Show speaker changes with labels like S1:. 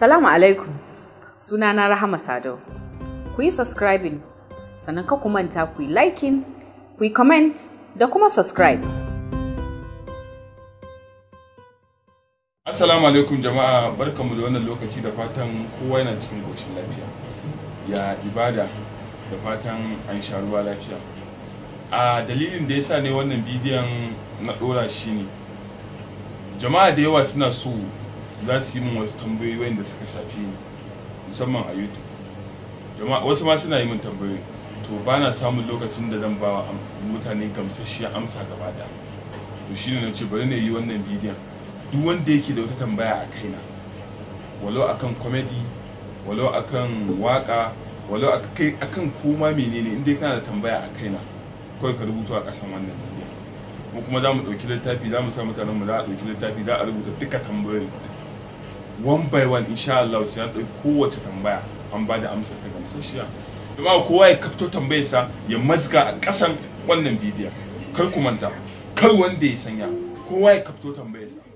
S1: Salamu alaikum, sunana Rahama Sadau. Ku yi subscribing, sannan ka kumanta ku yi liking, ku yi comment da kuma subscribe.
S2: Assalamu alaikum jama'a barkamu da wannan lokaci da fatan kowa yana cikin goshin lafiya. Ya ibada da fatan an sha ruwa lafiya. A dalilin da ya sa ne wannan bidiyon na ɗora shi ne. Jama'a da yawa suna so za su yi min wasu tambayoyi wanda suka shafi ni musamman a youtube jama'a wasu ma suna yi min tambayoyi to ba na samun lokacin da zan bawa mutane gamsasshiyar amsa gaba da to shine na ce bari na yi wannan bidiyon duk wanda yake da wata tambaya a kaina walau akan comedy walau akan waka walau akan koma menene inda kana da tambaya a kaina kawai ka rubuta a kasan wannan bidiyon mu kuma za mu ɗauki littafi za mu sa mutanen mu za a ɗauki littafi za a rubuta duka tambayoyin one by one insha Allah sai an ɗauki kowace tambaya an ba da amsar ta gamsashiya jama'a kowa ya kafto tambayarsa ya mazga a ƙasan wannan bidiyon kar ku manta kar wanda ya sanya kowa ya kafto tambayarsa